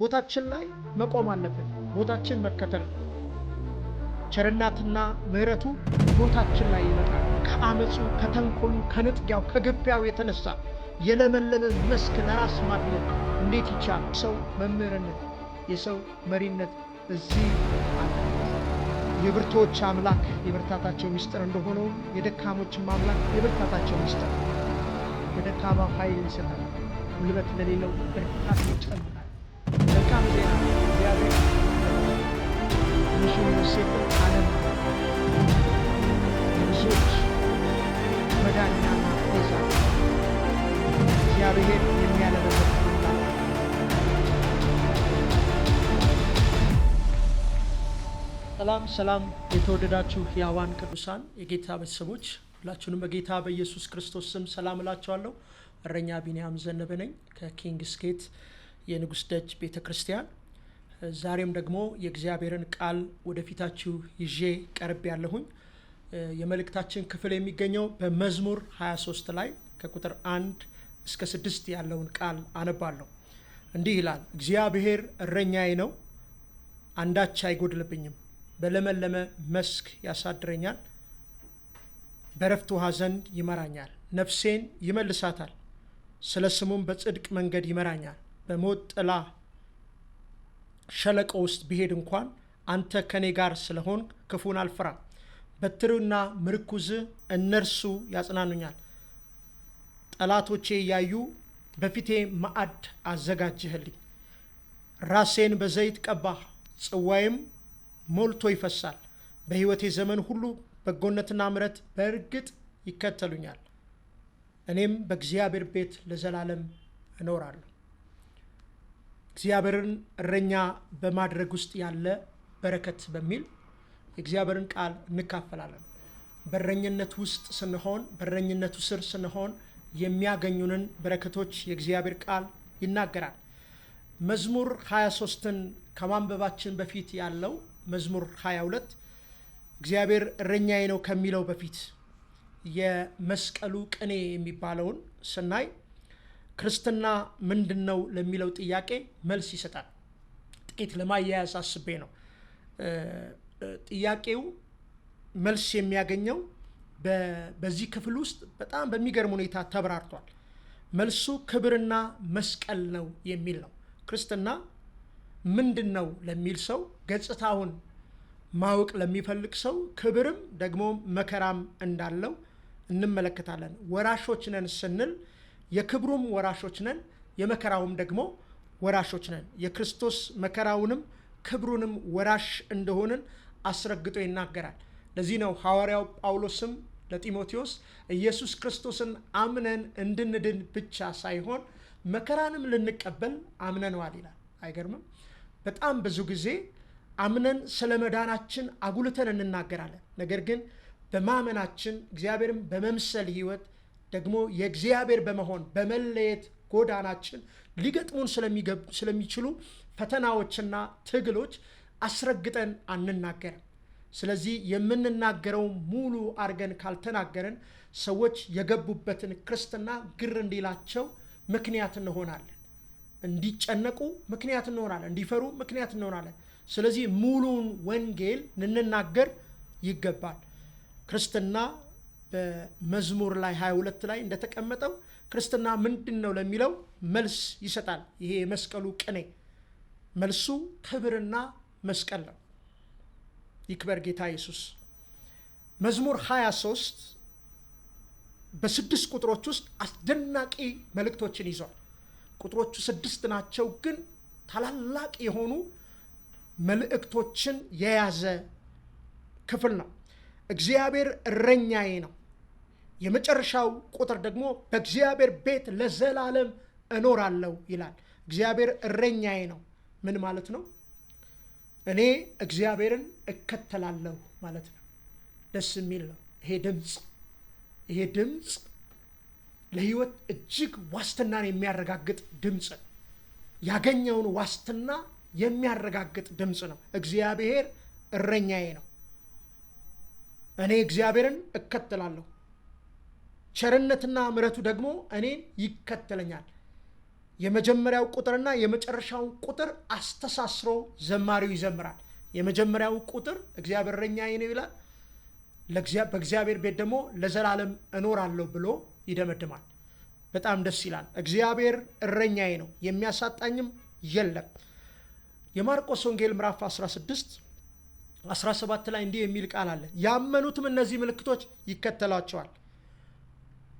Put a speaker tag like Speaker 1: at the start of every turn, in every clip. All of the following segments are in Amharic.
Speaker 1: ቦታችን ላይ መቆም አለብን። ቦታችን መከተል ቸርናትና ምሕረቱ ቦታችን ላይ ይመጣል። ከአመፁ፣ ከተንኮሉ፣ ከንጥጊያው፣ ከግቢያው የተነሳ የለመለመ መስክ ለራስ ማግኘት እንዴት ይቻል? ሰው መምህርነት፣ የሰው መሪነት እዚህ የብርቶች አምላክ የብርታታቸው ሚስጥር እንደሆነው የደካሞችም አምላክ የብርታታቸው ሚስጥር በደካማ ኃይል ይሰጣል። ጉልበት ለሌለው ብርታት ይጨምራል። መልካም ዜና እግዚአብሔር ቤዛ እግዚአብሔር የሚያለበት
Speaker 2: ሰላም ሰላም፣ የተወደዳችሁ የአዋን ቅዱሳን የጌታ ቤተሰቦች ሁላችሁንም በጌታ በኢየሱስ ክርስቶስ ስም ሰላም እላችኋለሁ። እረኛ ቢንያም ዘነበ ነኝ ከኪንግስ ጌት የንጉሥ ደጅ ቤተ ክርስቲያን ዛሬም ደግሞ የእግዚአብሔርን ቃል ወደፊታችሁ ይዤ ቀርብ ያለሁኝ የመልእክታችን ክፍል የሚገኘው በመዝሙር 23 ላይ ከቁጥር 1 እስከ 6 ያለውን ቃል አነባለሁ። እንዲህ ይላል፣ እግዚአብሔር እረኛዬ ነው፣ አንዳች አይጎድልብኝም። በለመለመ መስክ ያሳድረኛል፣ በረፍት ውሃ ዘንድ ይመራኛል። ነፍሴን ይመልሳታል፣ ስለ ስሙም በጽድቅ መንገድ ይመራኛል። በሞት ጥላ ሸለቆ ውስጥ ቢሄድ እንኳን አንተ ከኔ ጋር ስለሆን ክፉን አልፍራ በትርና ምርኩዝ እነርሱ ያጽናኑኛል። ጠላቶቼ እያዩ በፊቴ ማዕድ አዘጋጅህልኝ። ራሴን በዘይት ቀባህ፣ ጽዋይም ሞልቶ ይፈሳል። በሕይወቴ ዘመን ሁሉ በጎነትና ምረት በእርግጥ ይከተሉኛል። እኔም በእግዚአብሔር ቤት ለዘላለም እኖራለሁ። እግዚአብሔርን እረኛ በማድረግ ውስጥ ያለ በረከት በሚል የእግዚአብሔርን ቃል እንካፈላለን። በረኝነት ውስጥ ስንሆን፣ በረኝነቱ ስር ስንሆን የሚያገኙንን በረከቶች የእግዚአብሔር ቃል ይናገራል። መዝሙር 23ን ከማንበባችን በፊት ያለው መዝሙር 22 እግዚአብሔር እረኛዬ ነው ከሚለው በፊት የመስቀሉ ቅኔ የሚባለውን ስናይ ክርስትና ምንድን ነው ለሚለው ጥያቄ መልስ ይሰጣል። ጥቂት ለማያያዝ አስቤ ነው። ጥያቄው መልስ የሚያገኘው በዚህ ክፍል ውስጥ በጣም በሚገርም ሁኔታ ተብራርቷል። መልሱ ክብርና መስቀል ነው የሚል ነው። ክርስትና ምንድን ነው ለሚል ሰው፣ ገጽታውን ማወቅ ለሚፈልግ ሰው ክብርም ደግሞ መከራም እንዳለው እንመለከታለን። ወራሾች ነን ስንል የክብሩም ወራሾች ነን፣ የመከራውም ደግሞ ወራሾች ነን። የክርስቶስ መከራውንም ክብሩንም ወራሽ እንደሆንን አስረግጦ ይናገራል። ለዚህ ነው ሐዋርያው ጳውሎስም ለጢሞቴዎስ ኢየሱስ ክርስቶስን አምነን እንድንድን ብቻ ሳይሆን መከራንም ልንቀበል አምነነዋል ይላል። አይገርምም? በጣም ብዙ ጊዜ አምነን ስለ መዳናችን አጉልተን እንናገራለን። ነገር ግን በማመናችን እግዚአብሔርም በመምሰል ሕይወት ደግሞ የእግዚአብሔር በመሆን በመለየት ጎዳናችን ሊገጥሙን ስለሚችሉ ፈተናዎችና ትግሎች አስረግጠን አንናገርም። ስለዚህ የምንናገረው ሙሉ አርገን ካልተናገረን ሰዎች የገቡበትን ክርስትና ግር እንዲላቸው ምክንያት እንሆናለን፣ እንዲጨነቁ ምክንያት እንሆናለን፣ እንዲፈሩ ምክንያት እንሆናለን። ስለዚህ ሙሉውን ወንጌል ልንናገር ይገባል ክርስትና በመዝሙር ላይ 22 ላይ እንደተቀመጠው ክርስትና ምንድን ነው ለሚለው መልስ ይሰጣል። ይሄ የመስቀሉ ቅኔ መልሱ ክብርና መስቀል ነው። ይክበር ጌታ ኢየሱስ። መዝሙር 23 በስድስት ቁጥሮች ውስጥ አስደናቂ መልእክቶችን ይዟል። ቁጥሮቹ ስድስት ናቸው፣ ግን ታላላቅ የሆኑ መልእክቶችን የያዘ ክፍል ነው። እግዚአብሔር እረኛዬ ነው የመጨረሻው ቁጥር ደግሞ በእግዚአብሔር ቤት ለዘላለም እኖራለሁ ይላል። እግዚአብሔር እረኛዬ ነው። ምን ማለት ነው? እኔ እግዚአብሔርን እከተላለሁ ማለት ነው። ደስ የሚል ነው ይሄ ድምፅ። ይሄ ድምፅ ለሕይወት እጅግ ዋስትናን የሚያረጋግጥ ድምፅ ነው። ያገኘውን ዋስትና የሚያረጋግጥ ድምፅ ነው። እግዚአብሔር እረኛዬ ነው። እኔ እግዚአብሔርን እከተላለሁ። ቸርነትና ምረቱ ደግሞ እኔን ይከተለኛል። የመጀመሪያው ቁጥርና የመጨረሻው ቁጥር አስተሳስሮ ዘማሪው ይዘምራል። የመጀመሪያው ቁጥር እግዚአብሔር እረኛዬ ነው ይላል። በእግዚአብሔር ቤት ደግሞ ለዘላለም እኖራለሁ ብሎ ይደመድማል። በጣም ደስ ይላል። እግዚአብሔር እረኛዬ ነው የሚያሳጣኝም የለም። የማርቆስ ወንጌል ምዕራፍ 16 17 ላይ እንዲህ የሚል ቃል አለ። ያመኑትም እነዚህ ምልክቶች ይከተሏቸዋል።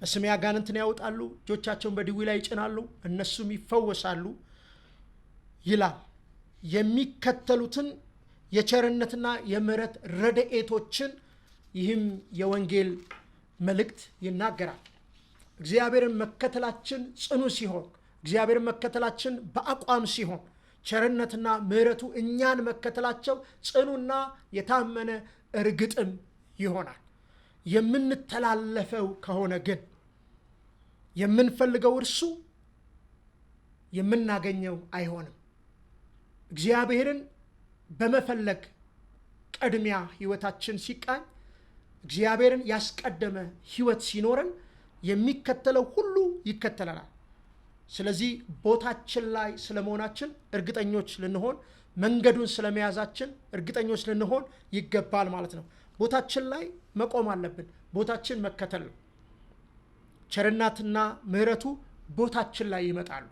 Speaker 2: በስሜ አጋንንትን ያወጣሉ፣ እጆቻቸውን በድዊ ላይ ይጭናሉ፣ እነሱም ይፈወሳሉ ይላል። የሚከተሉትን የቸርነትና የምሕረት ረድኤቶችን ይህም የወንጌል መልእክት ይናገራል። እግዚአብሔርን መከተላችን ጽኑ ሲሆን፣ እግዚአብሔርን መከተላችን በአቋም ሲሆን፣ ቸርነትና ምሕረቱ እኛን መከተላቸው ጽኑና የታመነ እርግጥም ይሆናል። የምንተላለፈው ከሆነ ግን የምንፈልገው እርሱ የምናገኘው አይሆንም። እግዚአብሔርን በመፈለግ ቀድሚያ ህይወታችን ሲቃኝ፣ እግዚአብሔርን ያስቀደመ ህይወት ሲኖረን የሚከተለው ሁሉ ይከተለናል። ስለዚህ ቦታችን ላይ ስለመሆናችን እርግጠኞች ልንሆን፣ መንገዱን ስለመያዛችን እርግጠኞች ልንሆን ይገባል ማለት ነው። ቦታችን ላይ መቆም አለብን። ቦታችን መከተል ነው። ቸርናትና ምሕረቱ ቦታችን ላይ ይመጣሉ፣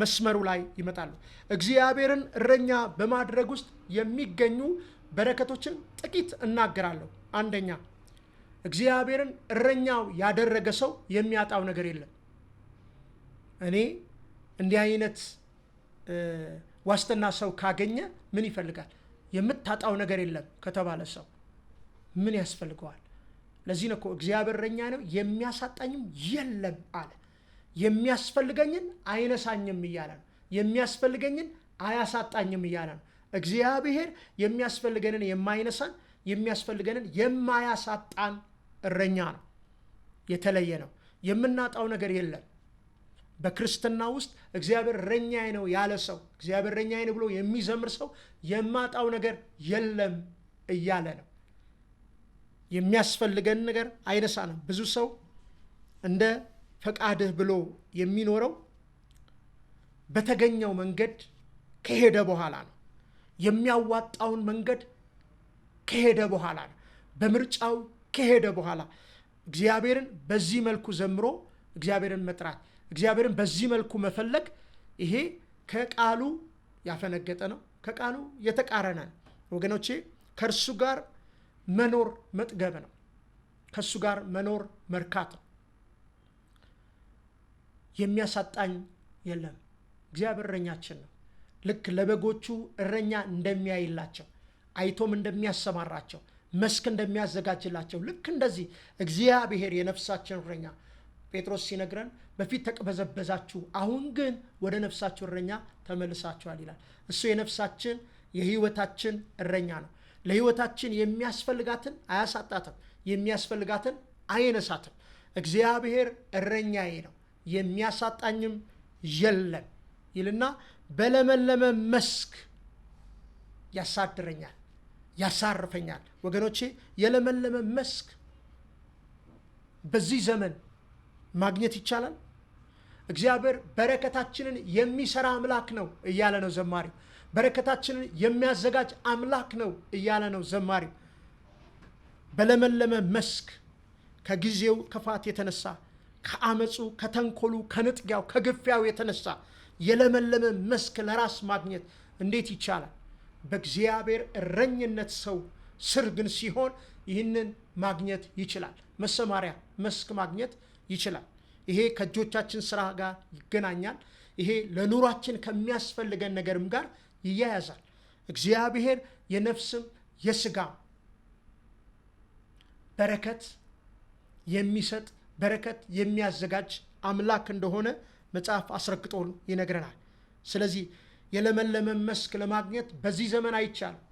Speaker 2: መስመሩ ላይ ይመጣሉ። እግዚአብሔርን እረኛ በማድረግ ውስጥ የሚገኙ በረከቶችን ጥቂት እናገራለሁ። አንደኛ እግዚአብሔርን እረኛው ያደረገ ሰው የሚያጣው ነገር የለም። እኔ እንዲህ አይነት ዋስትና ሰው ካገኘ ምን ይፈልጋል? የምታጣው ነገር የለም ከተባለ ሰው ምን ያስፈልገዋል? ለዚህ ነው እኮ እግዚአብሔር እረኛ ነው የሚያሳጣኝም የለም አለ። የሚያስፈልገኝን አይነሳኝም እያለ ነው። የሚያስፈልገኝን አያሳጣኝም እያለ ነው። እግዚአብሔር የሚያስፈልገንን የማይነሳን የሚያስፈልገንን የማያሳጣን እረኛ ነው። የተለየ ነው። የምናጣው ነገር የለም። በክርስትና ውስጥ እግዚአብሔር እረኛዬ ነው ያለ ሰው፣ እግዚአብሔር እረኛዬ ነው ብሎ የሚዘምር ሰው የማጣው ነገር የለም እያለ ነው። የሚያስፈልገን ነገር አይነሳንም። ብዙ ሰው እንደ ፈቃድህ ብሎ የሚኖረው በተገኘው መንገድ ከሄደ በኋላ ነው። የሚያዋጣውን መንገድ ከሄደ በኋላ ነው። በምርጫው ከሄደ በኋላ እግዚአብሔርን በዚህ መልኩ ዘምሮ እግዚአብሔርን መጥራት፣ እግዚአብሔርን በዚህ መልኩ መፈለግ ይሄ ከቃሉ ያፈነገጠ ነው። ከቃሉ የተቃረነ ነው። ወገኖቼ ከእርሱ ጋር መኖር መጥገብ ነው። ከእሱ ጋር መኖር መርካት ነው። የሚያሳጣኝ የለም። እግዚአብሔር እረኛችን ነው። ልክ ለበጎቹ እረኛ እንደሚያይላቸው አይቶም እንደሚያሰማራቸው መስክ እንደሚያዘጋጅላቸው ልክ እንደዚህ እግዚአብሔር የነፍሳችን እረኛ ጴጥሮስ ሲነግረን በፊት ተቅበዘበዛችሁ፣ አሁን ግን ወደ ነፍሳችሁ እረኛ ተመልሳችኋል ይላል። እሱ የነፍሳችን የህይወታችን እረኛ ነው። ለህይወታችን የሚያስፈልጋትን አያሳጣትም፣ የሚያስፈልጋትን አይነሳትም። እግዚአብሔር እረኛዬ ነው የሚያሳጣኝም የለም ይልና በለመለመ መስክ ያሳድረኛል፣ ያሳርፈኛል። ወገኖቼ የለመለመ መስክ በዚህ ዘመን ማግኘት ይቻላል። እግዚአብሔር በረከታችንን የሚሰራ አምላክ ነው እያለ ነው ዘማሪው። በረከታችንን የሚያዘጋጅ አምላክ ነው እያለ ነው ዘማሪው። በለመለመ መስክ ከጊዜው ክፋት የተነሳ ከአመፁ፣ ከተንኮሉ፣ ከንጥጊያው፣ ከግፊያው የተነሳ የለመለመ መስክ ለራስ ማግኘት እንዴት ይቻላል? በእግዚአብሔር እረኝነት ሰው ስር ግን ሲሆን ይህንን ማግኘት ይችላል። መሰማሪያ መስክ ማግኘት ይችላል። ይሄ ከእጆቻችን ስራ ጋር ይገናኛል። ይሄ ለኑሯችን ከሚያስፈልገን ነገርም ጋር ይያያዛል። እግዚአብሔር የነፍስም የስጋም በረከት የሚሰጥ በረከት የሚያዘጋጅ አምላክ እንደሆነ መጽሐፍ አስረግጦ ይነግረናል። ስለዚህ የለመለመ መስክ ለማግኘት በዚህ ዘመን አይቻልም።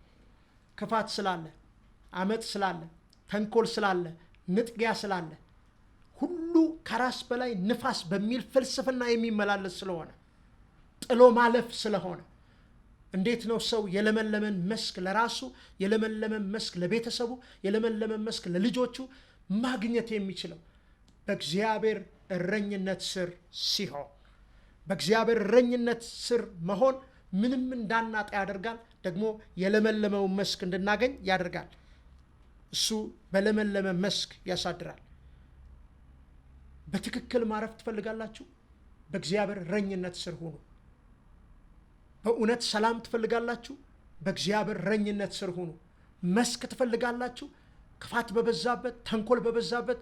Speaker 2: ክፋት ስላለ፣ አመፅ ስላለ፣ ተንኮል ስላለ፣ ንጥጊያ ስላለ፣ ሁሉ ከራስ በላይ ንፋስ በሚል ፍልስፍና የሚመላለስ ስለሆነ ጥሎ ማለፍ ስለሆነ እንዴት ነው ሰው የለመለመን መስክ ለራሱ የለመለመን መስክ ለቤተሰቡ የለመለመን መስክ ለልጆቹ ማግኘት የሚችለው በእግዚአብሔር እረኝነት ስር ሲሆን በእግዚአብሔር እረኝነት ስር መሆን ምንም እንዳናጣ ያደርጋል። ደግሞ የለመለመውን መስክ እንድናገኝ ያደርጋል። እሱ በለመለመ መስክ ያሳድራል። በትክክል ማረፍ ትፈልጋላችሁ? በእግዚአብሔር እረኝነት ስር ሁኑ። በእውነት ሰላም ትፈልጋላችሁ? በእግዚአብሔር እረኝነት ስር ሁኑ። መስክ ትፈልጋላችሁ? ክፋት በበዛበት ተንኮል በበዛበት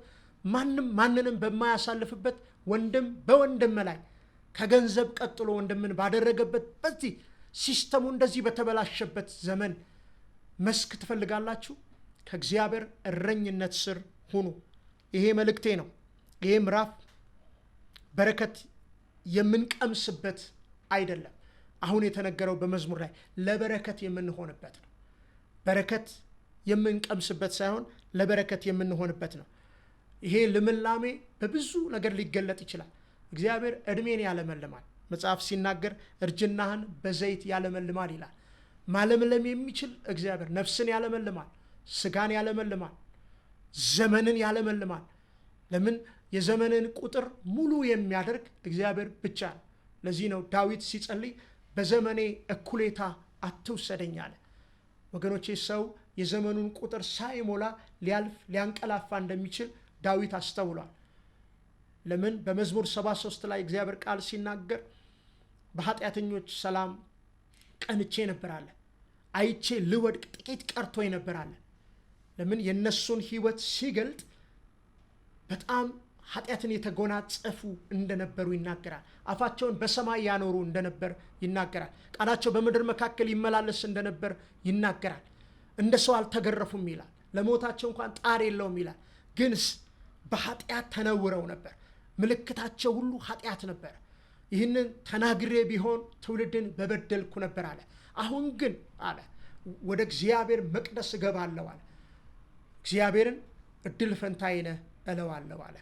Speaker 2: ማንም ማንንም በማያሳልፍበት ወንድም በወንድም ላይ ከገንዘብ ቀጥሎ ወንድምን ባደረገበት በዚህ ሲስተሙ እንደዚህ በተበላሸበት ዘመን መስክ ትፈልጋላችሁ? ከእግዚአብሔር እረኝነት ስር ሁኑ። ይሄ መልእክቴ ነው። ይሄ ምዕራፍ በረከት የምንቀምስበት አይደለም። አሁን የተነገረው በመዝሙር ላይ ለበረከት የምንሆንበት ነው። በረከት የምንቀምስበት ሳይሆን ለበረከት የምንሆንበት ነው። ይሄ ልምላሜ በብዙ ነገር ሊገለጥ ይችላል። እግዚአብሔር እድሜን ያለመልማል። መጽሐፍ ሲናገር እርጅናህን በዘይት ያለመልማል ይላል። ማለምለም የሚችል እግዚአብሔር ነፍስን ያለመልማል፣ ስጋን ያለመልማል፣ ዘመንን ያለመልማል። ለምን? የዘመንን ቁጥር ሙሉ የሚያደርግ እግዚአብሔር ብቻ ነው። ለዚህ ነው ዳዊት ሲጸልይ በዘመኔ እኩሌታ አትውሰደኝ አለ። ወገኖቼ ሰው የዘመኑን ቁጥር ሳይሞላ ሊያልፍ ሊያንቀላፋ እንደሚችል ዳዊት አስተውሏል። ለምን? በመዝሙር 73 ላይ እግዚአብሔር ቃል ሲናገር በኃጢአተኞች ሰላም ቀንቼ ነበራለ፣ አይቼ ልወድቅ ጥቂት ቀርቶ ነበራለ። ለምን? የእነሱን ህይወት ሲገልጥ በጣም ኃጢአትን የተጎናጸፉ እንደነበሩ ይናገራል። አፋቸውን በሰማይ ያኖሩ እንደነበር ይናገራል። ቃላቸው በምድር መካከል ይመላለስ እንደነበር ይናገራል። እንደ ሰው አልተገረፉም ይላል። ለሞታቸው እንኳን ጣር የለውም ይላል። ግንስ በኃጢአት ተነውረው ነበር። ምልክታቸው ሁሉ ኃጢአት ነበረ። ይህንን ተናግሬ ቢሆን ትውልድን በበደልኩ ነበር አለ። አሁን ግን አለ ወደ እግዚአብሔር መቅደስ እገባለሁ አለ። እግዚአብሔርን እድል ፈንታዬ ነህ እለዋለሁ አለ።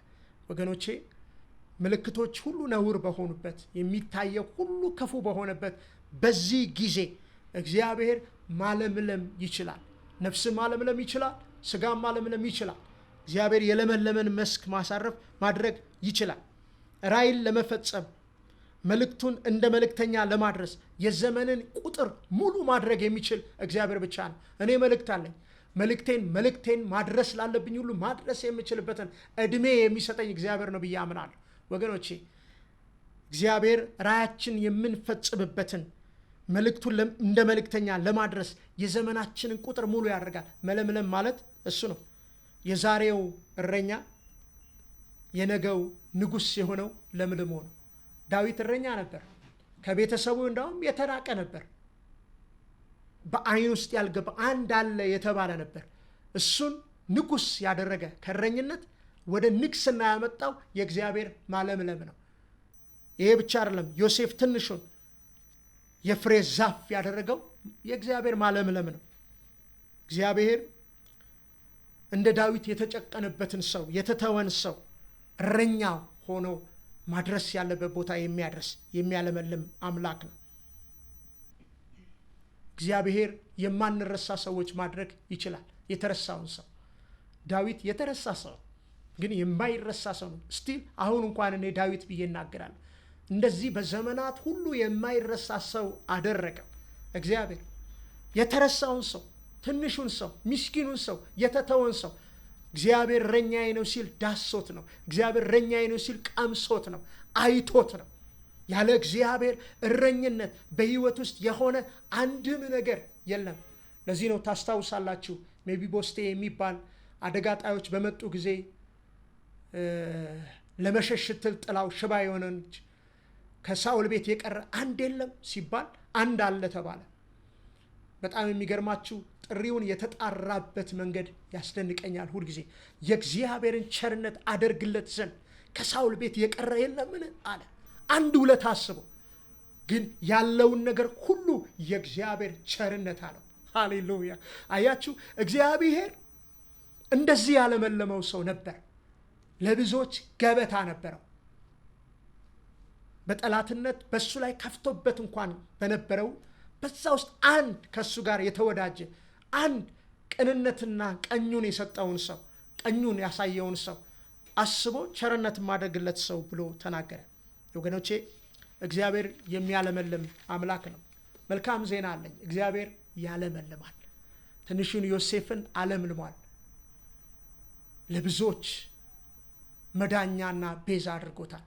Speaker 2: ወገኖቼ ምልክቶች ሁሉ ነውር በሆኑበት የሚታየው ሁሉ ክፉ በሆነበት በዚህ ጊዜ እግዚአብሔር ማለምለም ይችላል። ነፍስ ማለምለም ይችላል። ስጋ ማለምለም ይችላል። እግዚአብሔር የለመለመን መስክ ማሳረፍ ማድረግ ይችላል። ራይል ለመፈጸም መልእክቱን እንደ መልእክተኛ ለማድረስ የዘመንን ቁጥር ሙሉ ማድረግ የሚችል እግዚአብሔር ብቻ ነው። እኔ መልእክት አለኝ። መልእክቴን መልእክቴን ማድረስ ላለብኝ ሁሉ ማድረስ የምችልበትን እድሜ የሚሰጠኝ እግዚአብሔር ነው ብዬ አምናለሁ። ወገኖቼ እግዚአብሔር ራያችን የምንፈጽምበትን መልእክቱን እንደ መልእክተኛ ለማድረስ የዘመናችንን ቁጥር ሙሉ ያደርጋል። መለምለም ማለት እሱ ነው። የዛሬው እረኛ የነገው ንጉሥ የሆነው ለምልሞ ነው። ዳዊት እረኛ ነበር። ከቤተሰቡ እንዳውም የተናቀ ነበር። በአይን ውስጥ ያልገባ አንድ አለ የተባለ ነበር። እሱን ንጉስ ያደረገ ከረኝነት ወደ ንግስና ያመጣው የእግዚአብሔር ማለምለም ነው። ይሄ ብቻ አይደለም። ዮሴፍ ትንሹን የፍሬ ዛፍ ያደረገው የእግዚአብሔር ማለምለም ነው። እግዚአብሔር እንደ ዳዊት የተጨቀነበትን ሰው የተተወን ሰው እረኛ ሆኖ ማድረስ ያለበት ቦታ የሚያደርስ የሚያለመልም አምላክ ነው። እግዚአብሔር የማንረሳ ሰዎች ማድረግ ይችላል። የተረሳውን ሰው ዳዊት የተረሳ ሰው ግን የማይረሳ ሰው ነው። ስቲል አሁን እንኳን እኔ ዳዊት ብዬ እናገራለሁ። እንደዚህ በዘመናት ሁሉ የማይረሳ ሰው አደረገው እግዚአብሔር። የተረሳውን ሰው፣ ትንሹን ሰው፣ ምስኪኑን ሰው፣ የተተወን ሰው እግዚአብሔር ረኛዬ ነው ሲል ዳሶት ነው። እግዚአብሔር ረኛዬ ነው ሲል ቀምሶት ነው፣ አይቶት ነው። ያለ እግዚአብሔር እረኝነት በህይወት ውስጥ የሆነ አንድም ነገር የለም። ለዚህ ነው ታስታውሳላችሁ፣ ሜቢ ቦስቴ የሚባል አደጋ ጣዮች በመጡ ጊዜ ለመሸሽ ጥላው ሽባ የሆነች ከሳውል ቤት የቀረ አንድ የለም ሲባል አንድ አለ ተባለ። በጣም የሚገርማችሁ ጥሪውን የተጣራበት መንገድ ያስደንቀኛል። ሁልጊዜ የእግዚአብሔርን ቸርነት አደርግለት ዘንድ ከሳውል ቤት የቀረ የለምን አለ። አንድ ውለት አስበው። ግን ያለውን ነገር ሁሉ የእግዚአብሔር ቸርነት አለው። ሃሌሉያ! አያችሁ እግዚአብሔር እንደዚህ ያለመለመው ሰው ነበር። ለብዙዎች ገበታ ነበረው። በጠላትነት በእሱ ላይ ከፍቶበት እንኳን በነበረው በዛ ውስጥ አንድ ከእሱ ጋር የተወዳጀ አንድ ቅንነትና ቀኙን የሰጠውን ሰው ቀኙን ያሳየውን ሰው አስቦ ቸርነት የማደርግለት ሰው ብሎ ተናገረ። ወገኖቼ እግዚአብሔር የሚያለመልም አምላክ ነው። መልካም ዜና አለኝ። እግዚአብሔር ያለመልማል። ትንሹን ዮሴፍን አለምልሟል። ለብዙዎች መዳኛና ቤዛ አድርጎታል።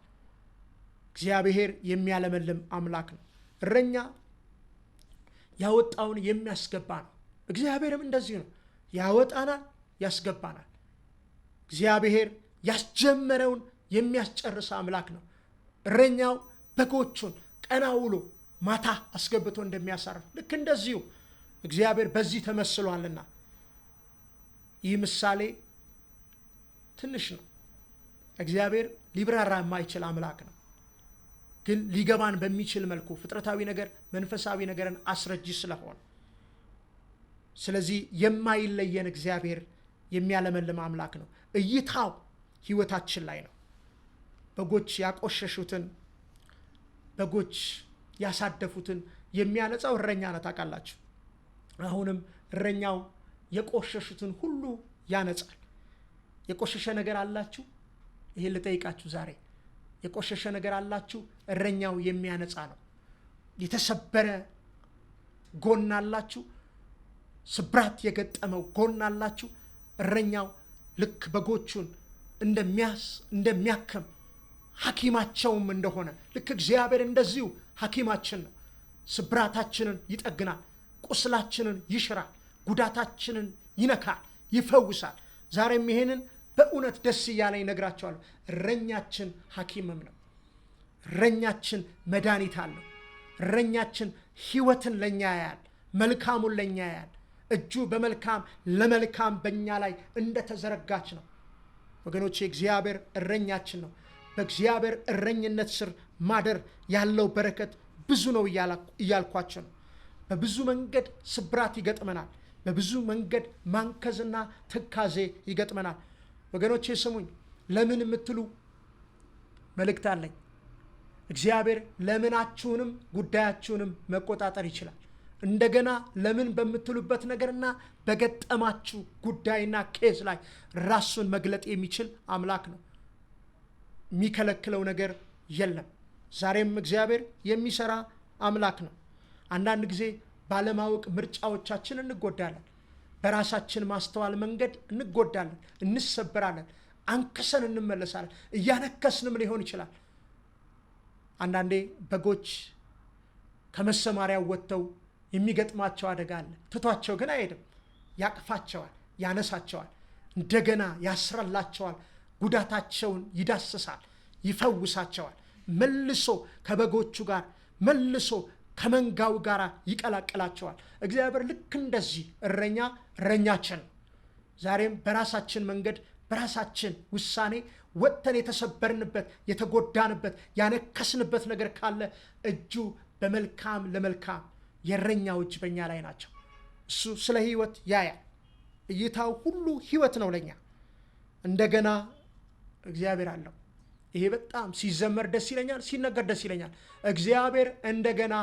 Speaker 2: እግዚአብሔር የሚያለመልም አምላክ ነው። እረኛ ያወጣውን የሚያስገባ ነው። እግዚአብሔርም እንደዚህ ነው። ያወጣናል፣ ያስገባናል። እግዚአብሔር ያስጀመረውን የሚያስጨርስ አምላክ ነው። እረኛው በጎቹን ቀና ውሎ ማታ አስገብቶ እንደሚያሳርፍ ልክ እንደዚሁ እግዚአብሔር በዚህ ተመስሏልና ይህ ምሳሌ ትንሽ ነው። እግዚአብሔር ሊብራራ የማይችል አምላክ ነው። ግን ሊገባን በሚችል መልኩ ፍጥረታዊ ነገር መንፈሳዊ ነገርን አስረጂ ስለሆነ ስለዚህ የማይለየን እግዚአብሔር የሚያለመልም አምላክ ነው። እይታው ህይወታችን ላይ ነው። በጎች ያቆሸሹትን በጎች ያሳደፉትን የሚያነጻው እረኛ ነው። ታውቃላችሁ። አሁንም እረኛው የቆሸሹትን ሁሉ ያነጻል። የቆሸሸ ነገር አላችሁ? ይሄ ልጠይቃችሁ ዛሬ። የቆሸሸ ነገር አላችሁ? እረኛው የሚያነጻ ነው። የተሰበረ ጎን አላችሁ? ስብራት የገጠመው ጎን አላችሁ? እረኛው ልክ በጎቹን እንደሚያስ እንደሚያከም ሐኪማቸውም እንደሆነ ልክ እግዚአብሔር እንደዚሁ ሐኪማችን ነው። ስብራታችንን ይጠግናል፣ ቁስላችንን ይሽራል፣ ጉዳታችንን ይነካል፣ ይፈውሳል። ዛሬም ይሄንን በእውነት ደስ እያለ ይነግራቸዋለሁ። እረኛችን ሐኪምም ነው። እረኛችን መድኃኒት አለው። እረኛችን ሕይወትን ለእኛ ያያል፣ መልካሙን ለእኛ ያያል። እጁ በመልካም ለመልካም በእኛ ላይ እንደተዘረጋች ነው። ወገኖች፣ እግዚአብሔር እረኛችን ነው። በእግዚአብሔር እረኝነት ስር ማደር ያለው በረከት ብዙ ነው እያልኳቸው ነው። በብዙ መንገድ ስብራት ይገጥመናል። በብዙ መንገድ ማንከዝና ትካዜ ይገጥመናል። ወገኖቼ ስሙኝ፣ ለምን የምትሉ መልእክት አለኝ። እግዚአብሔር ለምናችሁንም ጉዳያችሁንም መቆጣጠር ይችላል። እንደገና ለምን በምትሉበት ነገርና በገጠማችሁ ጉዳይና ኬዝ ላይ ራሱን መግለጥ የሚችል አምላክ ነው። የሚከለክለው ነገር የለም። ዛሬም እግዚአብሔር የሚሰራ አምላክ ነው። አንዳንድ ጊዜ ባለማወቅ ምርጫዎቻችን እንጎዳለን። በራሳችን ማስተዋል መንገድ እንጎዳለን፣ እንሰበራለን፣ አንክሰን እንመለሳለን። እያነከስንም ሊሆን ይችላል። አንዳንዴ በጎች ከመሰማሪያው ወጥተው የሚገጥማቸው አደጋ አለ። ትቷቸው ግን አይሄድም፣ ያቅፋቸዋል፣ ያነሳቸዋል፣ እንደገና ያስራላቸዋል። ጉዳታቸውን ይዳስሳል፣ ይፈውሳቸዋል። መልሶ ከበጎቹ ጋር መልሶ ከመንጋው ጋር ይቀላቅላቸዋል። እግዚአብሔር ልክ እንደዚህ እረኛ እረኛችን ነው። ዛሬም በራሳችን መንገድ በራሳችን ውሳኔ ወጥተን የተሰበርንበት የተጎዳንበት ያነከስንበት ነገር ካለ እጁ በመልካም ለመልካም የእረኛው እጅ በእኛ ላይ ናቸው። እሱ ስለ ህይወት ያያል። እይታው ሁሉ ህይወት ነው ለኛ እንደገና እግዚአብሔር አለው። ይሄ በጣም ሲዘመር ደስ ይለኛል፣ ሲነገር ደስ ይለኛል። እግዚአብሔር እንደገና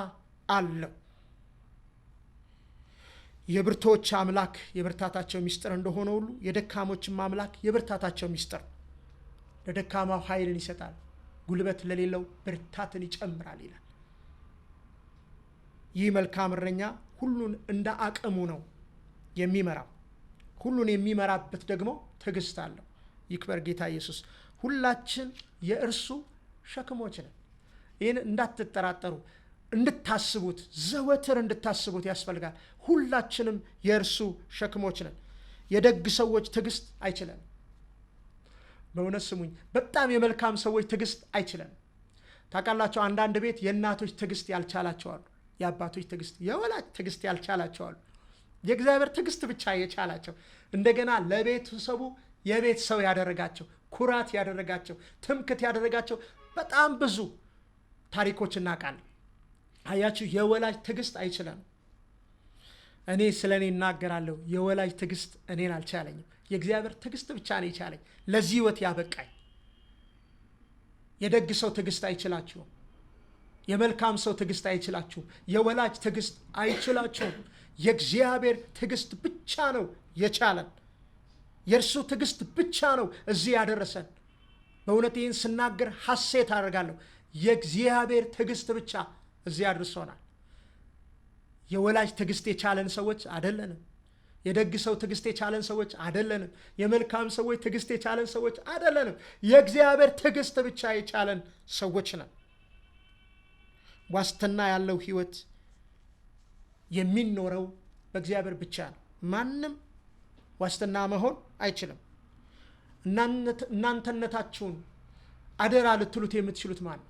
Speaker 2: አለው። የብርቶች አምላክ የብርታታቸው ሚስጥር እንደሆነ ሁሉ የደካሞችም አምላክ የብርታታቸው ሚስጥር፣ ለደካማው ኃይልን ይሰጣል፣ ጉልበት ለሌለው ብርታትን ይጨምራል ይላል። ይህ መልካም እረኛ ሁሉን እንደ አቅሙ ነው የሚመራው። ሁሉን የሚመራበት ደግሞ ትዕግስት አለው። ይክበር ጌታ ኢየሱስ። ሁላችን የእርሱ ሸክሞች ነን። ይህን እንዳትጠራጠሩ እንድታስቡት ዘወትር እንድታስቡት ያስፈልጋል። ሁላችንም የእርሱ ሸክሞች ነን። የደግ ሰዎች ትዕግስት አይችለንም። በእውነት ስሙኝ፣ በጣም የመልካም ሰዎች ትዕግስት አይችለንም። ታውቃላቸው አንዳንድ ቤት የእናቶች ትዕግስት ያልቻላቸዋሉ፣ የአባቶች ትዕግስት፣ የወላጅ ትዕግስት ያልቻላቸዋሉ፣ የእግዚአብሔር ትዕግስት ብቻ የቻላቸው እንደገና ለቤተሰቡ የቤት ሰው ያደረጋቸው፣ ኩራት ያደረጋቸው፣ ትምክት ያደረጋቸው በጣም ብዙ ታሪኮች እናውቃለን። አያችሁ የወላጅ ትዕግስት አይችለም። እኔ ስለ እኔ እናገራለሁ። የወላጅ ትዕግስት እኔን አልቻለኝም። የእግዚአብሔር ትዕግስት ብቻ ነው የቻለኝ፣ ለዚህ ህይወት ያበቃኝ። የደግ ሰው ትዕግስት አይችላችሁም። የመልካም ሰው ትዕግስት አይችላችሁም። የወላጅ ትዕግስት አይችላችሁም። የእግዚአብሔር ትዕግስት ብቻ ነው የቻለን። የእርሱ ትዕግስት ብቻ ነው እዚህ ያደረሰን። በእውነት ይህን ስናገር ሐሴት አደርጋለሁ። የእግዚአብሔር ትዕግስት ብቻ እዚህ አድርሶናል። የወላጅ ትዕግስት የቻለን ሰዎች አይደለንም። የደግ ሰው ትዕግስት የቻለን ሰዎች አይደለንም። የመልካም ሰዎች ትዕግስት የቻለን ሰዎች አደለንም። የእግዚአብሔር ትዕግስት ብቻ የቻለን ሰዎች ነን። ዋስትና ያለው ሕይወት የሚኖረው በእግዚአብሔር ብቻ ነው። ማንም ዋስትና መሆን አይችልም። እናንተነታችሁን አደራ ልትሉት የምትችሉት ማን ነው?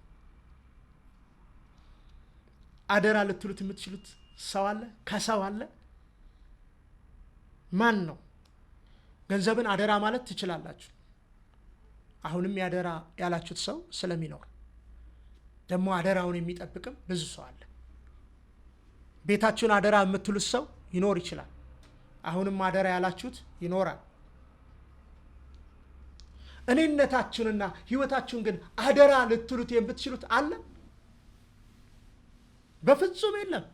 Speaker 2: አደራ ልትሉት የምትችሉት ሰው አለ? ከሰው አለ? ማን ነው? ገንዘብን አደራ ማለት ትችላላችሁ። አሁንም ያደራ ያላችሁት ሰው ስለሚኖር ደግሞ አደራውን የሚጠብቅም ብዙ ሰው አለ። ቤታችሁን አደራ የምትሉት ሰው ይኖር ይችላል። አሁንም አደራ ያላችሁት ይኖራል። እኔነታችሁንና ህይወታችሁን ግን አደራ ልትሉት የምትችሉት አለ? በፍጹም የለም።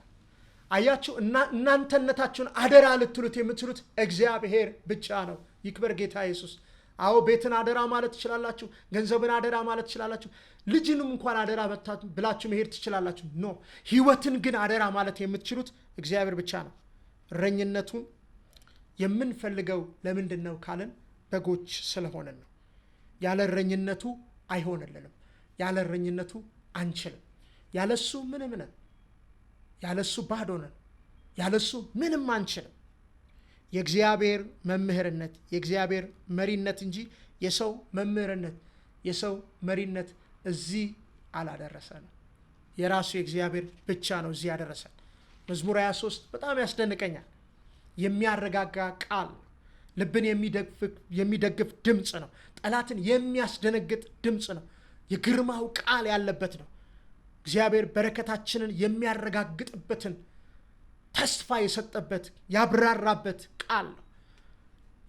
Speaker 2: አያችሁ፣ እናንተነታችሁን አደራ ልትሉት የምትችሉት እግዚአብሔር ብቻ ነው። ይክበር ጌታ ኢየሱስ። አዎ ቤትን አደራ ማለት ትችላላችሁ። ገንዘብን አደራ ማለት ትችላላችሁ። ልጅንም እንኳን አደራ ብላችሁ መሄድ ትችላላችሁ። ኖ ህይወትን ግን አደራ ማለት የምትችሉት እግዚአብሔር ብቻ ነው። እረኝነቱን የምንፈልገው ለምንድን ነው ካለን በጎች ስለሆነን ነው። ያለ እረኝነቱ አይሆንልንም። ያለ እረኝነቱ አንችልም። ያለሱ ምንም ነን። ያለሱ ባዶ ነን። ያለሱ ምንም አንችልም። የእግዚአብሔር መምህርነት፣ የእግዚአብሔር መሪነት እንጂ የሰው መምህርነት፣ የሰው መሪነት እዚህ አላደረሰን የራሱ የእግዚአብሔር ብቻ ነው እዚህ ያደረሰን። መዝሙር 23 በጣም ያስደንቀኛል። የሚያረጋጋ ቃል፣ ልብን የሚደግፍ ድምፅ ነው። ጠላትን የሚያስደነግጥ ድምፅ ነው። የግርማው ቃል ያለበት ነው። እግዚአብሔር በረከታችንን የሚያረጋግጥበትን ተስፋ የሰጠበት ያብራራበት ቃል ነው።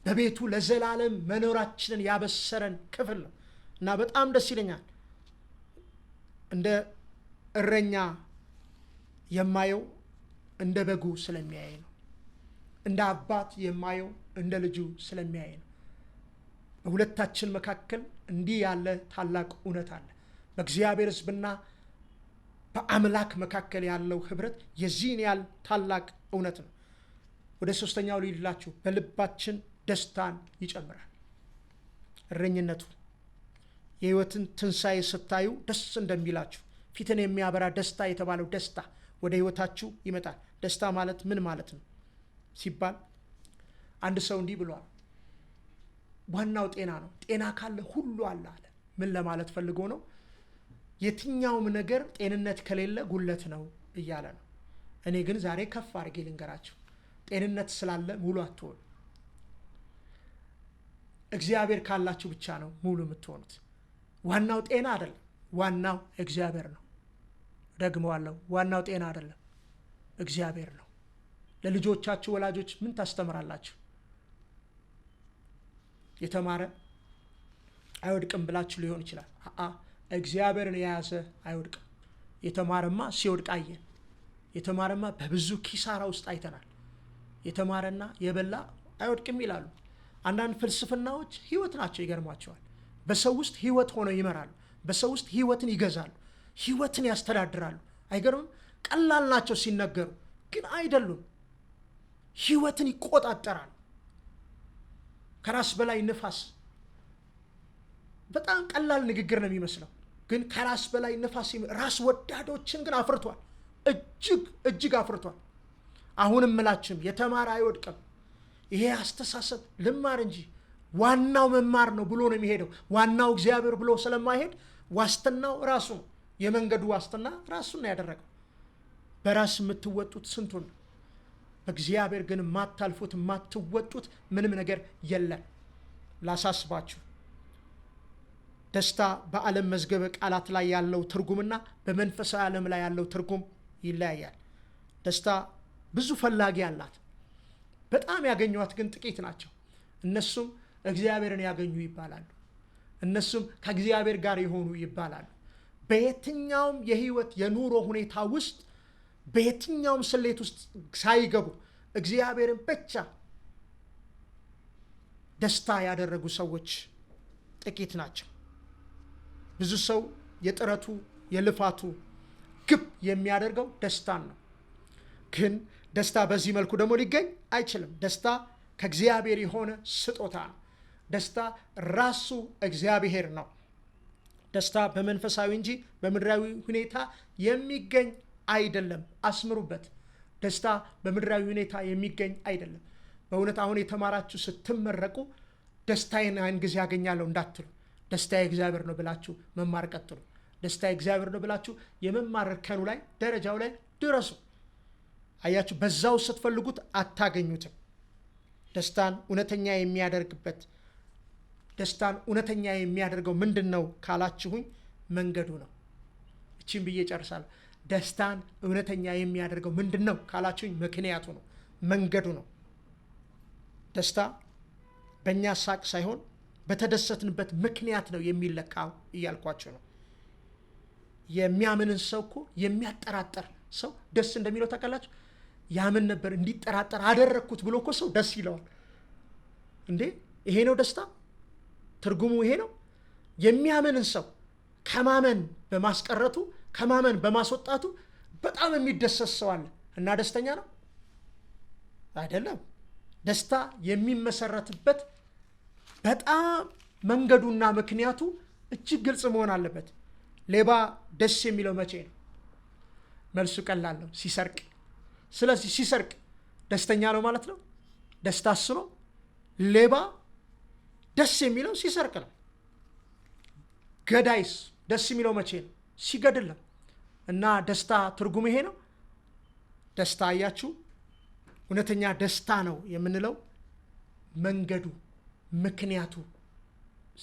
Speaker 2: በቤቱ ለዘላለም መኖራችንን ያበሰረን ክፍል ነው እና በጣም ደስ ይለኛል እንደ እረኛ የማየው እንደ በጉ ስለሚያይ ነው። እንደ አባት የማየው እንደ ልጁ ስለሚያይ ነው። በሁለታችን መካከል እንዲህ ያለ ታላቅ እውነት አለ። በእግዚአብሔር ሕዝብና በአምላክ መካከል ያለው ህብረት የዚህን ያህል ታላቅ እውነት ነው። ወደ ሶስተኛው ልሂድላችሁ። በልባችን ደስታን ይጨምራል። እረኝነቱ የህይወትን ትንሣኤ ስታዩ ደስ እንደሚላችሁ ፊትን የሚያበራ ደስታ የተባለው ደስታ ወደ ህይወታችሁ ይመጣል። ደስታ ማለት ምን ማለት ነው? ሲባል አንድ ሰው እንዲህ ብሏል፣ ዋናው ጤና ነው፣ ጤና ካለ ሁሉ አለ አለ። ምን ለማለት ፈልጎ ነው? የትኛውም ነገር ጤንነት ከሌለ ጉለት ነው እያለ ነው። እኔ ግን ዛሬ ከፍ አድርጌ ልንገራቸው፣ ጤንነት ስላለ ሙሉ አትሆኑ። እግዚአብሔር ካላችሁ ብቻ ነው ሙሉ የምትሆኑት። ዋናው ጤና አይደለም፣ ዋናው እግዚአብሔር ነው። ደግመዋለሁ፣ ዋናው ጤና አይደለም፣ እግዚአብሔር ነው። ለልጆቻችሁ ወላጆች ምን ታስተምራላችሁ? የተማረ አይወድቅም ብላችሁ ሊሆን ይችላል። አአ እግዚአብሔርን የያዘ አይወድቅም። የተማረማ ሲወድቅ አየን። የተማረማ በብዙ ኪሳራ ውስጥ አይተናል። የተማረና የበላ አይወድቅም ይላሉ። አንዳንድ ፍልስፍናዎች ህይወት ናቸው። ይገርማቸዋል። በሰው ውስጥ ህይወት ሆነው ይመራሉ። በሰው ውስጥ ህይወትን ይገዛሉ። ህይወትን ያስተዳድራሉ። አይገርምም? ቀላል ናቸው ሲነገሩ፣ ግን አይደሉም። ህይወትን ይቆጣጠራል። ከራስ በላይ ንፋስ። በጣም ቀላል ንግግር ነው የሚመስለው፣ ግን ከራስ በላይ ንፋስ ራስ ወዳዶችን ግን አፍርቷል። እጅግ እጅግ አፍርቷል። አሁንም ምላችም የተማረ አይወድቅም። ይሄ አስተሳሰብ ልማር እንጂ ዋናው መማር ነው ብሎ ነው የሚሄደው። ዋናው እግዚአብሔር ብሎ ስለማይሄድ ዋስትናው ራሱ ነው። የመንገዱ ዋስትና ራሱን ነው ያደረገው። በራስ የምትወጡት ስንቱን ነው? እግዚአብሔር ግን የማታልፉት የማትወጡት ምንም ነገር የለም። ላሳስባችሁ ደስታ በዓለም መዝገበ ቃላት ላይ ያለው ትርጉምና በመንፈሳዊ ዓለም ላይ ያለው ትርጉም ይለያያል። ደስታ ብዙ ፈላጊ አላት። በጣም ያገኟት ግን ጥቂት ናቸው። እነሱም እግዚአብሔርን ያገኙ ይባላሉ። እነሱም ከእግዚአብሔር ጋር የሆኑ ይባላሉ። በየትኛውም የህይወት የኑሮ ሁኔታ ውስጥ በየትኛውም ስሌት ውስጥ ሳይገቡ እግዚአብሔርን ብቻ ደስታ ያደረጉ ሰዎች ጥቂት ናቸው። ብዙ ሰው የጥረቱ የልፋቱ ግብ የሚያደርገው ደስታን ነው። ግን ደስታ በዚህ መልኩ ደግሞ ሊገኝ አይችልም። ደስታ ከእግዚአብሔር የሆነ ስጦታ ነው። ደስታ ራሱ እግዚአብሔር ነው። ደስታ በመንፈሳዊ እንጂ በምድራዊ ሁኔታ የሚገኝ አይደለም። አስምሩበት። ደስታ በምድራዊ ሁኔታ የሚገኝ አይደለም። በእውነት አሁን የተማራችሁ ስትመረቁ ደስታዬን አይን ጊዜ ያገኛለሁ እንዳትሉ፣ ደስታ እግዚአብሔር ነው ብላችሁ መማር ቀጥሉ። ደስታ እግዚአብሔር ነው ብላችሁ የመማር እርከኑ ላይ ደረጃው ላይ ድረሱ። አያችሁ፣ በዛው ስትፈልጉት አታገኙትም። ደስታን እውነተኛ የሚያደርግበት ደስታን እውነተኛ የሚያደርገው ምንድን ነው ካላችሁኝ፣ መንገዱ ነው። እቺን ብዬ ጨርሳለሁ። ደስታን እውነተኛ የሚያደርገው ምንድን ነው ካላችሁኝ፣ ምክንያቱ ነው፣ መንገዱ ነው። ደስታ በእኛ ሳቅ ሳይሆን በተደሰትንበት ምክንያት ነው የሚለካው እያልኳቸው ነው። የሚያምንን ሰው እኮ የሚያጠራጠር ሰው ደስ እንደሚለው ታውቃላችሁ። ያምን ነበር እንዲጠራጠር አደረግኩት ብሎ እኮ ሰው ደስ ይለዋል። እንዴ ይሄ ነው ደስታ? ትርጉሙ ይሄ ነው። የሚያምንን ሰው ከማመን በማስቀረቱ ከማመን በማስወጣቱ በጣም የሚደሰት ሰው አለ እና ደስተኛ ነው አይደለም። ደስታ የሚመሰረትበት በጣም መንገዱና ምክንያቱ እጅግ ግልጽ መሆን አለበት። ሌባ ደስ የሚለው መቼ ነው? መልሱ ቀላል ነው፣ ሲሰርቅ። ስለዚህ ሲሰርቅ ደስተኛ ነው ማለት ነው? ደስታ እሱ ነው። ሌባ ደስ የሚለው ሲሰርቅ ነው። ገዳይስ ደስ የሚለው መቼ ነው? ሲገድል ነው። እና ደስታ ትርጉም ይሄ ነው። ደስታ አያችሁ፣ እውነተኛ ደስታ ነው የምንለው መንገዱ ምክንያቱ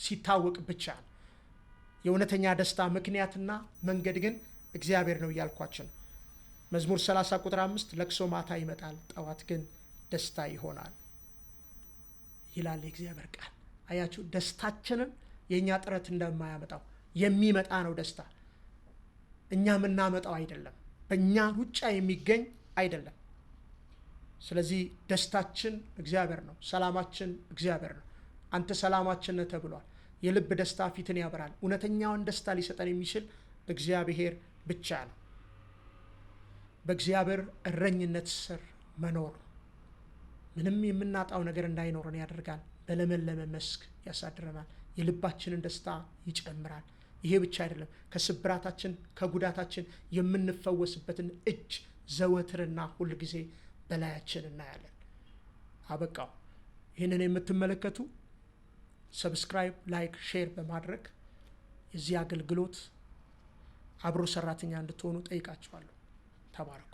Speaker 2: ሲታወቅ ብቻ ነው። የእውነተኛ ደስታ ምክንያትና መንገድ ግን እግዚአብሔር ነው እያልኳችን መዝሙር 30 ቁጥር 5 ለቅሶ ማታ ይመጣል፣ ጠዋት ግን ደስታ ይሆናል ይላል የእግዚአብሔር ቃል። አያችሁ ደስታችንን የእኛ ጥረት እንደማያመጣው የሚመጣ ነው ደስታ እኛ የምናመጣው አይደለም፣ በእኛ ሩጫ የሚገኝ አይደለም። ስለዚህ ደስታችን እግዚአብሔር ነው፣ ሰላማችን እግዚአብሔር ነው። አንተ ሰላማችን ነህ ተብሏል። የልብ ደስታ ፊትን ያበራል። እውነተኛውን ደስታ ሊሰጠን የሚችል እግዚአብሔር ብቻ ነው። በእግዚአብሔር እረኝነት ስር መኖር ምንም የምናጣው ነገር እንዳይኖረን ያደርጋል። በለመለመ መስክ ያሳድረናል። የልባችንን ደስታ ይጨምራል። ይሄ ብቻ አይደለም፣ ከስብራታችን ከጉዳታችን የምንፈወስበትን እጅ ዘወትርና ሁል ጊዜ በላያችን እናያለን። አበቃው። ይህንን የምትመለከቱ ሰብስክራይብ፣ ላይክ፣ ሼር በማድረግ የዚህ አገልግሎት አብሮ ሰራተኛ እንድትሆኑ ጠይቃችኋለሁ። ተባረኩ።